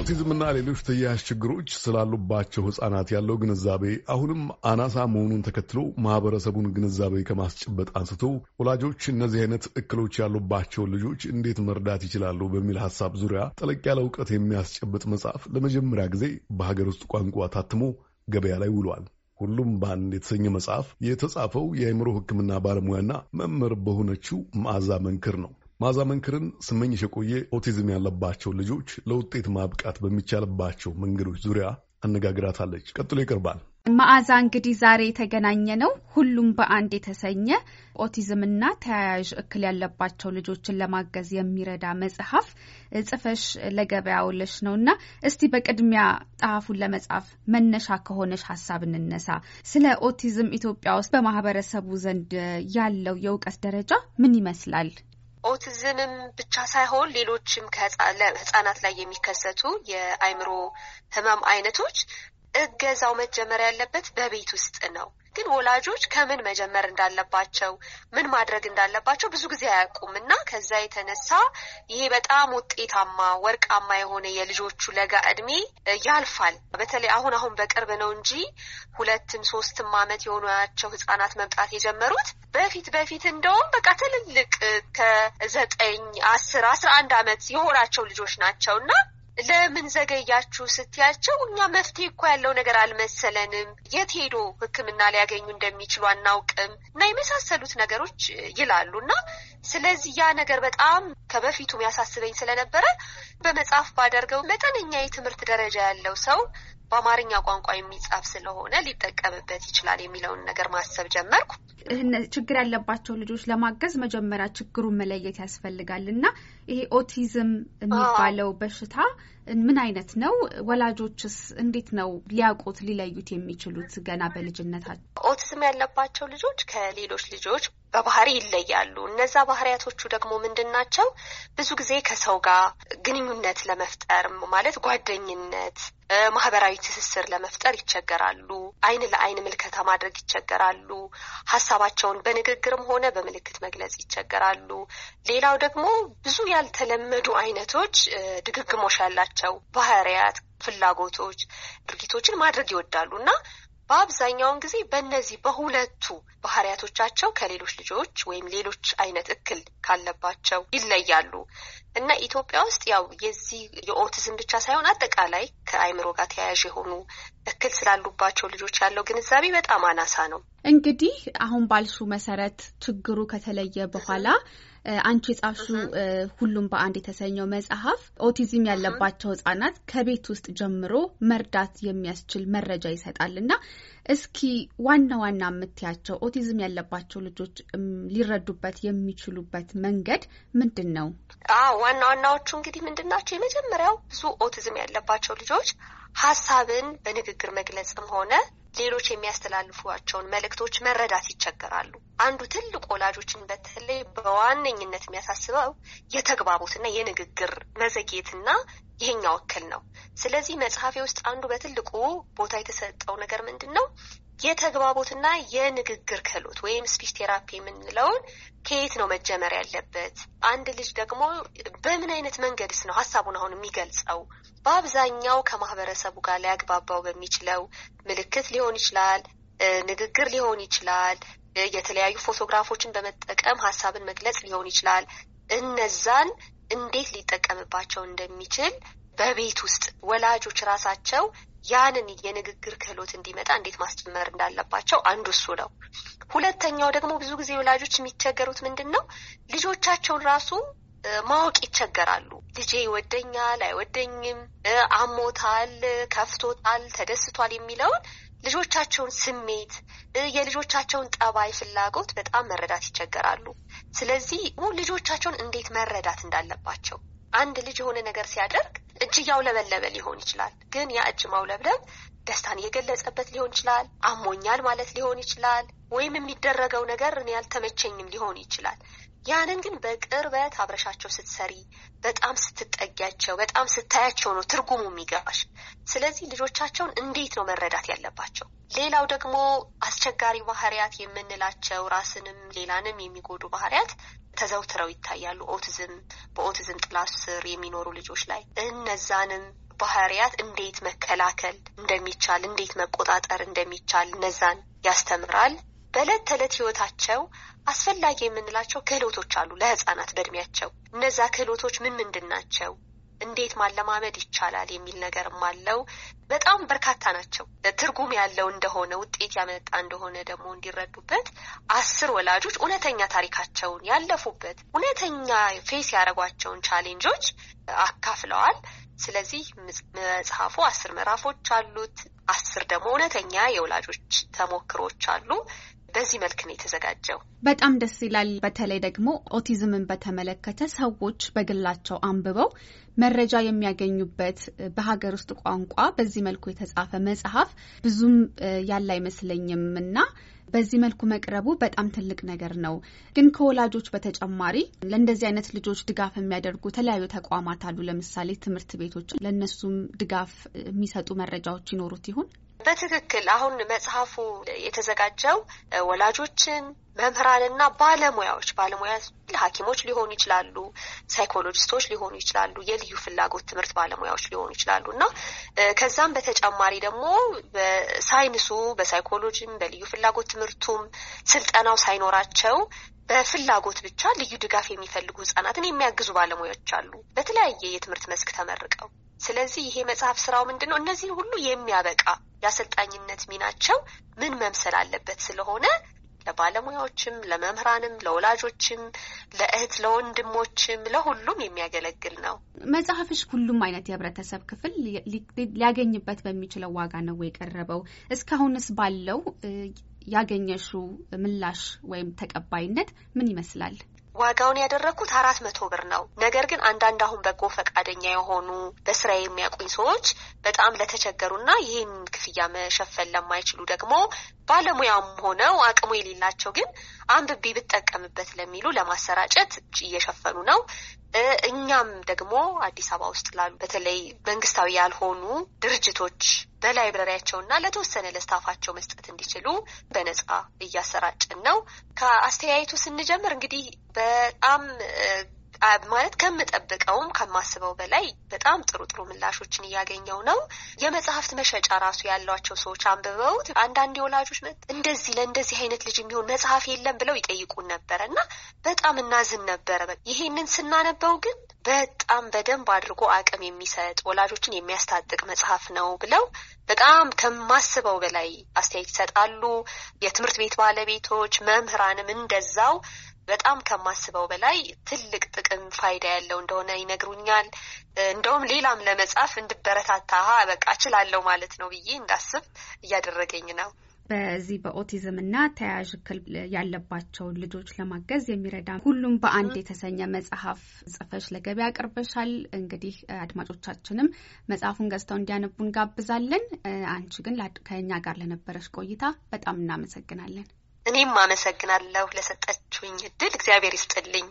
ኦቲዝምና ሌሎች ተያያዥ ችግሮች ስላሉባቸው ሕጻናት ያለው ግንዛቤ አሁንም አናሳ መሆኑን ተከትሎ ማህበረሰቡን ግንዛቤ ከማስጨበጥ አንስቶ ወላጆች እነዚህ አይነት እክሎች ያሉባቸውን ልጆች እንዴት መርዳት ይችላሉ በሚል ሀሳብ ዙሪያ ጠለቅ ያለ እውቀት የሚያስጨብጥ መጽሐፍ ለመጀመሪያ ጊዜ በሀገር ውስጥ ቋንቋ ታትሞ ገበያ ላይ ውሏል። ሁሉም በአንድ የተሰኘ መጽሐፍ የተጻፈው የአእምሮ ሕክምና ባለሙያና መምህር በሆነችው መዓዛ መንክር ነው። መዓዛ መንክርን ስመኝሽ የቆየ ኦቲዝም ያለባቸው ልጆች ለውጤት ማብቃት በሚቻልባቸው መንገዶች ዙሪያ አነጋግራታለች። ቀጥሎ ይቀርባል። መዓዛ እንግዲህ ዛሬ የተገናኘ ነው ሁሉም በአንድ የተሰኘ ኦቲዝምና ተያያዥ እክል ያለባቸው ልጆችን ለማገዝ የሚረዳ መጽሐፍ ጽፈሽ ለገበያ ውለሽ ነው እና እስቲ በቅድሚያ ጸሐፉን ለመጻፍ መነሻ ከሆነሽ ሀሳብ እንነሳ። ስለ ኦቲዝም ኢትዮጵያ ውስጥ በማህበረሰቡ ዘንድ ያለው የእውቀት ደረጃ ምን ይመስላል? ኦቲዝምም ብቻ ሳይሆን ሌሎችም ከህጻናት ላይ የሚከሰቱ የአይምሮ ህመም አይነቶች እገዛው መጀመር ያለበት በቤት ውስጥ ነው። ግን ወላጆች ከምን መጀመር እንዳለባቸው ምን ማድረግ እንዳለባቸው ብዙ ጊዜ አያውቁም እና ከዛ የተነሳ ይሄ በጣም ውጤታማ ወርቃማ የሆነ የልጆቹ ለጋ እድሜ ያልፋል። በተለይ አሁን አሁን በቅርብ ነው እንጂ ሁለትም ሶስትም ዓመት የሆኗቸው ህጻናት መምጣት የጀመሩት በፊት በፊት እንደውም በቃ ትልልቅ ከዘጠኝ አስር አስራ አንድ ዓመት የሆናቸው ልጆች ናቸው እና ለምን ዘገያችሁ ስትያቸው እኛ መፍትሄ እኮ ያለው ነገር አልመሰለንም፣ የት ሄዶ ሕክምና ሊያገኙ እንደሚችሉ አናውቅም እና የመሳሰሉት ነገሮች ይላሉ እና ስለዚህ ያ ነገር በጣም ከበፊቱ የሚያሳስበኝ ስለነበረ በመጽሐፍ ባደርገው መጠነኛ የትምህርት ደረጃ ያለው ሰው በአማርኛ ቋንቋ የሚጻፍ ስለሆነ ሊጠቀምበት ይችላል የሚለውን ነገር ማሰብ ጀመርኩ። ችግር ያለባቸው ልጆች ለማገዝ መጀመሪያ ችግሩን መለየት ያስፈልጋል እና ይሄ ኦቲዝም የሚባለው በሽታ ምን አይነት ነው? ወላጆችስ እንዴት ነው ሊያውቁት ሊለዩት የሚችሉት ገና በልጅነታቸው? ኦቲዝም ያለባቸው ልጆች ከሌሎች ልጆች በባህሪ ይለያሉ። እነዛ ባህሪያቶቹ ደግሞ ምንድን ናቸው? ብዙ ጊዜ ከሰው ጋር ግንኙነት ለመፍጠር ማለት ጓደኝነት፣ ማህበራዊ ትስስር ለመፍጠር ይቸገራሉ። አይን ለአይን ምልከታ ማድረግ ይቸገራሉ። ሀሳባቸውን በንግግርም ሆነ በምልክት መግለጽ ይቸገራሉ። ሌላው ደግሞ ብዙ ያልተለመዱ አይነቶች ድግግሞሽ ያላቸው ባህሪያት፣ ፍላጎቶች፣ ድርጊቶችን ማድረግ ይወዳሉ እና በአብዛኛውን ጊዜ በእነዚህ በሁለቱ ባህሪያቶቻቸው ከሌሎች ልጆች ወይም ሌሎች አይነት እክል ካለባቸው ይለያሉ እና ኢትዮጵያ ውስጥ ያው የዚህ የኦቲዝም ብቻ ሳይሆን አጠቃላይ ከአይምሮ ጋር ተያያዥ የሆኑ እክል ስላሉባቸው ልጆች ያለው ግንዛቤ በጣም አናሳ ነው። እንግዲህ አሁን ባልሹ መሰረት ችግሩ ከተለየ በኋላ አንቺ የጻፍሹ ሁሉም በአንድ የተሰኘው መጽሐፍ ኦቲዝም ያለባቸው ህጻናት ከቤት ውስጥ ጀምሮ መርዳት የሚያስችል መረጃ ይሰጣል እና እስኪ ዋና ዋና የምትያቸው ኦቲዝም ያለባቸው ልጆች ሊረዱበት የሚችሉበት መንገድ ምንድን ነው? አዎ ዋና ዋናዎቹ እንግዲህ ምንድን ናቸው? የመጀመሪያው ብዙ ኦቲዝም ያለባቸው ልጆች ሀሳብን በንግግር መግለጽም ሆነ ሌሎች የሚያስተላልፏቸውን መልእክቶች መረዳት ይቸገራሉ። አንዱ ትልቅ ወላጆችን በተለይ በዋነኝነት የሚያሳስበው የተግባቦትና የንግግር መዘግየትና ይሄኛው እክል ነው። ስለዚህ መጽሐፌ ውስጥ አንዱ በትልቁ ቦታ የተሰጠው ነገር ምንድን ነው? የተግባቦትና የንግግር ክህሎት ወይም ስፒች ቴራፒ የምንለውን ከየት ነው መጀመር ያለበት? አንድ ልጅ ደግሞ በምን አይነት መንገድስ ነው ሀሳቡን አሁን የሚገልጸው? በአብዛኛው ከማህበረሰቡ ጋር ሊያግባባው በሚችለው ምልክት ሊሆን ይችላል፣ ንግግር ሊሆን ይችላል፣ የተለያዩ ፎቶግራፎችን በመጠቀም ሀሳብን መግለጽ ሊሆን ይችላል። እነዛን እንዴት ሊጠቀምባቸው እንደሚችል በቤት ውስጥ ወላጆች ራሳቸው ያንን የንግግር ክህሎት እንዲመጣ እንዴት ማስጨመር እንዳለባቸው አንዱ እሱ ነው። ሁለተኛው ደግሞ ብዙ ጊዜ ወላጆች የሚቸገሩት ምንድን ነው፣ ልጆቻቸውን ራሱ ማወቅ ይቸገራሉ። ልጄ ይወደኛል አይወደኝም፣ አሞታል፣ ከፍቶታል፣ ተደስቷል የሚለውን ልጆቻቸውን ስሜት የልጆቻቸውን ጠባይ፣ ፍላጎት በጣም መረዳት ይቸገራሉ። ስለዚህ ልጆቻቸውን እንዴት መረዳት እንዳለባቸው አንድ ልጅ የሆነ ነገር ሲያደርግ እጅ እያውለበለበ ሊሆን ይችላል። ግን ያ እጅ ማውለብለብ ደስታን እየገለጸበት ሊሆን ይችላል። አሞኛል ማለት ሊሆን ይችላል። ወይም የሚደረገው ነገር እኔ ያልተመቸኝም ሊሆን ይችላል። ያንን ግን በቅርበት አብረሻቸው ስትሰሪ፣ በጣም ስትጠጊያቸው፣ በጣም ስታያቸው ነው ትርጉሙ የሚገባሽ። ስለዚህ ልጆቻቸውን እንዴት ነው መረዳት ያለባቸው? ሌላው ደግሞ አስቸጋሪ ባህሪያት የምንላቸው ራስንም ሌላንም የሚጎዱ ባህሪያት ተዘውትረው ይታያሉ። ኦቲዝም በኦቲዝም ጥላ ስር የሚኖሩ ልጆች ላይ እነዛንም ባህሪያት እንዴት መከላከል እንደሚቻል፣ እንዴት መቆጣጠር እንደሚቻል እነዛን ያስተምራል። በዕለት ተዕለት ህይወታቸው አስፈላጊ የምንላቸው ክህሎቶች አሉ። ለህጻናት በእድሜያቸው እነዛ ክህሎቶች ምን ምንድን ናቸው? እንዴት ማለማመድ ይቻላል የሚል ነገርም አለው። በጣም በርካታ ናቸው። ትርጉም ያለው እንደሆነ ውጤት ያመጣ እንደሆነ ደግሞ እንዲረዱበት አስር ወላጆች እውነተኛ ታሪካቸውን ያለፉበት እውነተኛ ፌስ ያደረጓቸውን ቻሌንጆች አካፍለዋል። ስለዚህ መጽሐፉ አስር ምዕራፎች አሉት። አስር ደግሞ እውነተኛ የወላጆች ተሞክሮች አሉ። በዚህ መልክ ነው የተዘጋጀው። በጣም ደስ ይላል። በተለይ ደግሞ ኦቲዝምን በተመለከተ ሰዎች በግላቸው አንብበው መረጃ የሚያገኙበት በሀገር ውስጥ ቋንቋ በዚህ መልኩ የተጻፈ መጽሐፍ ብዙም ያለ አይመስለኝም እና በዚህ መልኩ መቅረቡ በጣም ትልቅ ነገር ነው። ግን ከወላጆች በተጨማሪ ለእንደዚህ አይነት ልጆች ድጋፍ የሚያደርጉ የተለያዩ ተቋማት አሉ። ለምሳሌ ትምህርት ቤቶች ለእነሱም ድጋፍ የሚሰጡ መረጃዎች ይኖሩት ይሆን? በትክክል አሁን መጽሐፉ የተዘጋጀው ወላጆችን መምህራንና ባለሙያዎች ባለሙያ ሐኪሞች ሊሆኑ ይችላሉ፣ ሳይኮሎጂስቶች ሊሆኑ ይችላሉ፣ የልዩ ፍላጎት ትምህርት ባለሙያዎች ሊሆኑ ይችላሉ እና ከዛም በተጨማሪ ደግሞ በሳይንሱ በሳይኮሎጂም በልዩ ፍላጎት ትምህርቱም ስልጠናው ሳይኖራቸው በፍላጎት ብቻ ልዩ ድጋፍ የሚፈልጉ ህጻናትን የሚያግዙ ባለሙያዎች አሉ በተለያየ የትምህርት መስክ ተመርቀው ስለዚህ ይሄ መጽሐፍ ስራው ምንድን ነው? እነዚህን ሁሉ የሚያበቃ የአሰልጣኝነት ሚናቸው ምን መምሰል አለበት ስለሆነ ለባለሙያዎችም፣ ለመምህራንም፣ ለወላጆችም፣ ለእህት ለወንድሞችም፣ ለሁሉም የሚያገለግል ነው። መጽሐፍሽ ሁሉም አይነት የህብረተሰብ ክፍል ሊያገኝበት በሚችለው ዋጋ ነው የቀረበው። እስካሁንስ ባለው ያገኘሹ ምላሽ ወይም ተቀባይነት ምን ይመስላል? ዋጋውን ያደረግኩት አራት መቶ ብር ነው። ነገር ግን አንዳንድ አሁን በጎ ፈቃደኛ የሆኑ በስራ የሚያውቁኝ ሰዎች በጣም ለተቸገሩና ይህን ክፍያ መሸፈን ለማይችሉ ደግሞ ባለሙያም ሆነው አቅሙ የሌላቸው ግን አንብቤ ብጠቀምበት ለሚሉ ለማሰራጨት እየሸፈኑ ነው። እኛም ደግሞ አዲስ አበባ ውስጥ ላሉ በተለይ መንግስታዊ ያልሆኑ ድርጅቶች በላይብረሪያቸውና ለተወሰነ ለስታፋቸው መስጠት እንዲችሉ በነጻ እያሰራጭን ነው። ከአስተያየቱ ስንጀምር እንግዲህ በጣም ማለት ከምጠብቀውም ከማስበው በላይ በጣም ጥሩ ጥሩ ምላሾችን እያገኘው ነው። የመጽሐፍት መሸጫ ራሱ ያሏቸው ሰዎች አንብበውት አንዳንድ የወላጆች እንደዚህ ለእንደዚህ አይነት ልጅ የሚሆን መጽሐፍ የለም ብለው ይጠይቁን ነበር እና በጣም እናዝን ነበረ። ይሄንን ስናነበው ግን በጣም በደንብ አድርጎ አቅም የሚሰጥ ወላጆችን የሚያስታጥቅ መጽሐፍ ነው ብለው በጣም ከማስበው በላይ አስተያየት ይሰጣሉ። የትምህርት ቤት ባለቤቶች፣ መምህራንም እንደዛው በጣም ከማስበው በላይ ትልቅ ጥቅም ፋይዳ ያለው እንደሆነ ይነግሩኛል። እንደውም ሌላም ለመጻፍ እንድበረታታ በቃ እችላለሁ ማለት ነው ብዬ እንዳስብ እያደረገኝ ነው። በዚህ በኦቲዝም እና ተያያዥ እክል ያለባቸውን ልጆች ለማገዝ የሚረዳ ሁሉም በአንድ የተሰኘ መጽሐፍ ጽፈሽ ለገበያ አቅርበሻል። እንግዲህ አድማጮቻችንም መጽሐፉን ገዝተው እንዲያነቡ እንጋብዛለን። አንቺ ግን ከኛ ጋር ለነበረሽ ቆይታ በጣም እናመሰግናለን። እኔም አመሰግናለሁ ለሰጠችኝ እድል። እግዚአብሔር ይስጥልኝ።